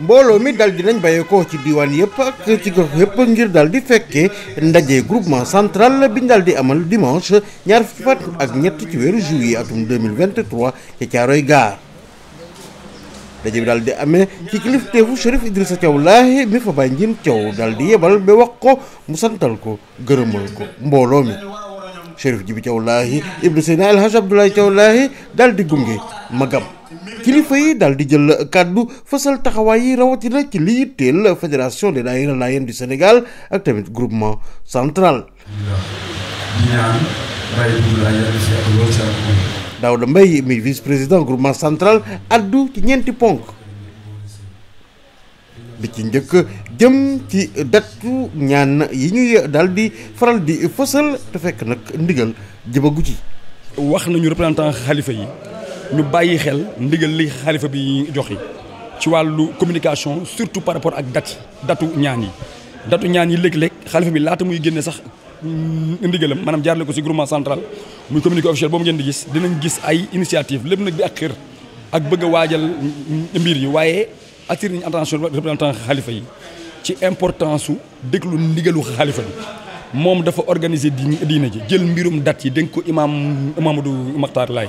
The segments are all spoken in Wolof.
mbolo mi dal dinañ bàyyeekoo ci diwan yep ak ci gox yep ngir dal di fekke ndaje groupement central biñ dal di amal dimanche ñaar fat ak ñett ci weeru juillet atum 2023 ci Caaroy Gaar dajé dal di amé ci fu Chérif Idrissa taw allah mi fa bay taw dal di yebal be wax ko mu santal ko gërëmal ko mbolo mi Chérif jibi taw allah ibnu Seyna al hajj abdullah taw allah dal di magam kilifa yi dal di jël kaddu fësal taxaway yi rawatina ci li yitteel fédération des daayira Layène du Sénégal ak tamit groupement central. Daouda iya. Mbaye mi vice président groupement central addu ci ñeenti ponk bi ci njëkk jëm ci dattu ñaan yi ñuy dal di faral di fësal te fekk nag ndigal jëbagu ci. wax nañu représentant xalifa yi. ñu bàyyi xel ndigal li xalifa bi joxe ci wàllu communication surtout par rapport ak date datu ñaan yi datu ñaan yi léeg-léeg xalifa bi laata muy génne sax ndigalam maanaam jaarale ko si groupement central muy communiqué officiel boobu ngeen di gis dinañ gis ay initiative lépp nag bi ak xër ak bëgg a waajal mbir yi waaye attiré nañu attention représentant khalifa yi ci importance deglu ndigalu khalifa bi mom dafa organiser diine ji jël mbirum date yi dénk ko imaam Mamadou Makhtar lay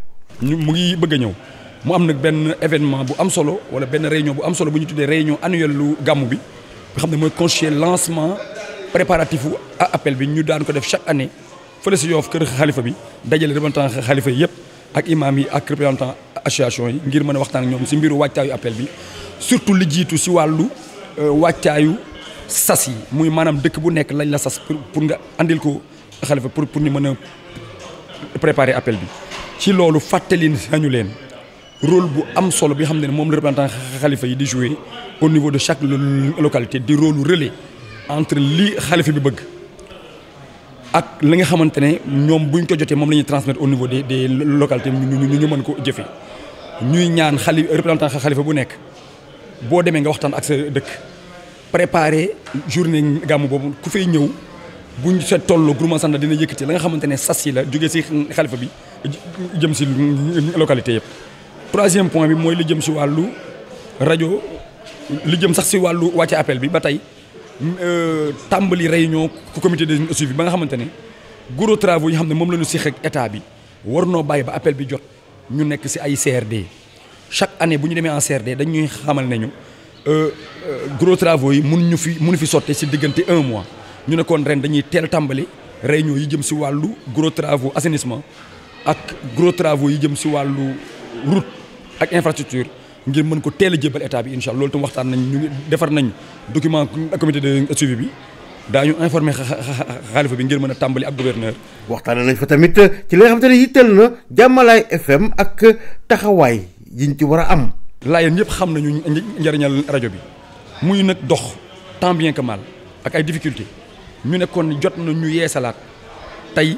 ñu mu ngi bëgg a ñëw mu am nag benn événement bu am solo wala benn réunion bu am solo bu ñu tuddee réunion annuelle lu gàmmu bi nga xam ne mooy constituer lancement préparatif u appel bi ñu daan ko def chaque année fële si yoof kër xalifa bi dajale représentant xalifa yi yëpp ak imam yi ak représentant association yi ngir mën a waxtaan ak ñoom si mbiru wàccaayu appel bi surtout li jiitu si wàllu euh, wàccaayu sas yi muy maanaam dëkk bu nekk lañ la sas pour nga andil ko xalifa pour pour ñu mën a préparer appel bi ci loolu fàttali nañu leen rôle bu am solo bi xam ne moom représentant xalifa yi di jouer au niveau de chaque localité di rôle relais entre li xalifa bi bëgg ak li nga xamante ne ñoom buñ ko jotee moom la ñuy transmettre au niveau des des localités ñu ñu mën ko jëfe ñuy ñaan xali représentant xalifa bu nekk boo demee nga waxtaan ak sa dëkk préparer journée gàmmu boobu ku fay ñëw buñ sa toll groupement sanda dina yëkkati la nga xamante ne sas yi la jógee si xalifa bi jëm ci localité yëpp. troisième point bi mooy li jëm si wàllu rajo li jëm sax si wàllu wàcce appel bi ba tey euh, tàmbali réunion comité de suivi ba nga xamante ne gros travaux yi nga xam ne moom la ñu si xeeg état bi war noo bàyyi ba appel bi jot ñu nekk si ay CRD chaque année bu ñu demee en CRD dañuy xamal nañu euh, euh, gros travaux yi mun fi mun fi sotti si diggante un mois ñu ne kon ren dañuy teel tàmbali réunion yi jëm si wàllu gros travaux assainissement ak gros travaux yi jëm si wàllu route ak infrastructure ngir mën ko teel a jébal état bi incha allah loolu tam waxtaan nañ ñu defar nañ document comité de suivi bi daañu informé xaalifa bi ngir mën a tàmbali ak gouverneur. waxtaanee nañ fa tamit ci li nga xamante ne yitteel na jàmmalaay FM ak taxawaay yiñ ci war a am. laayeen ñëpp xam nañu njariñal rajo bi muy nag dox tant bien que mal ak ay difficultés ñu ne jot na ñu yeesalaat tey.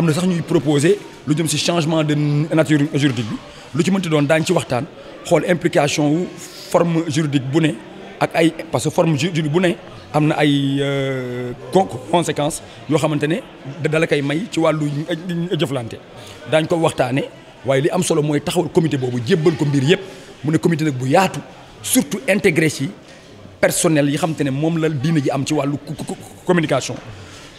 Nous na sax ñuy proposer lu changement de nature juridique bi lu ci mënti l'implication ou ci implication wu forme juridique bu parce que forme juridique bu ne euh, conséquences yoo xamante ne dala may ci wàllu jëflante dañ ko waxtaane comité boobu ko mbir yépp surtout intégré ci personnel yi la communication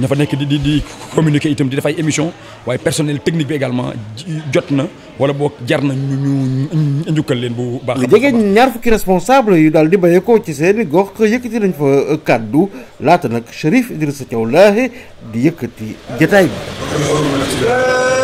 ña fa di di communiquer itam di def ay émission waye personnel technique bi également jotna wala bok jarna ñu ñu njukkal leen bu baax. lu jégué ñaar fukki responsable yu dal di bàyyi ko ci seeni gox yëkkati nañ fa cadeau laata nak Chérif Idrissa Thiaw Laye di yëkkati jataay bi.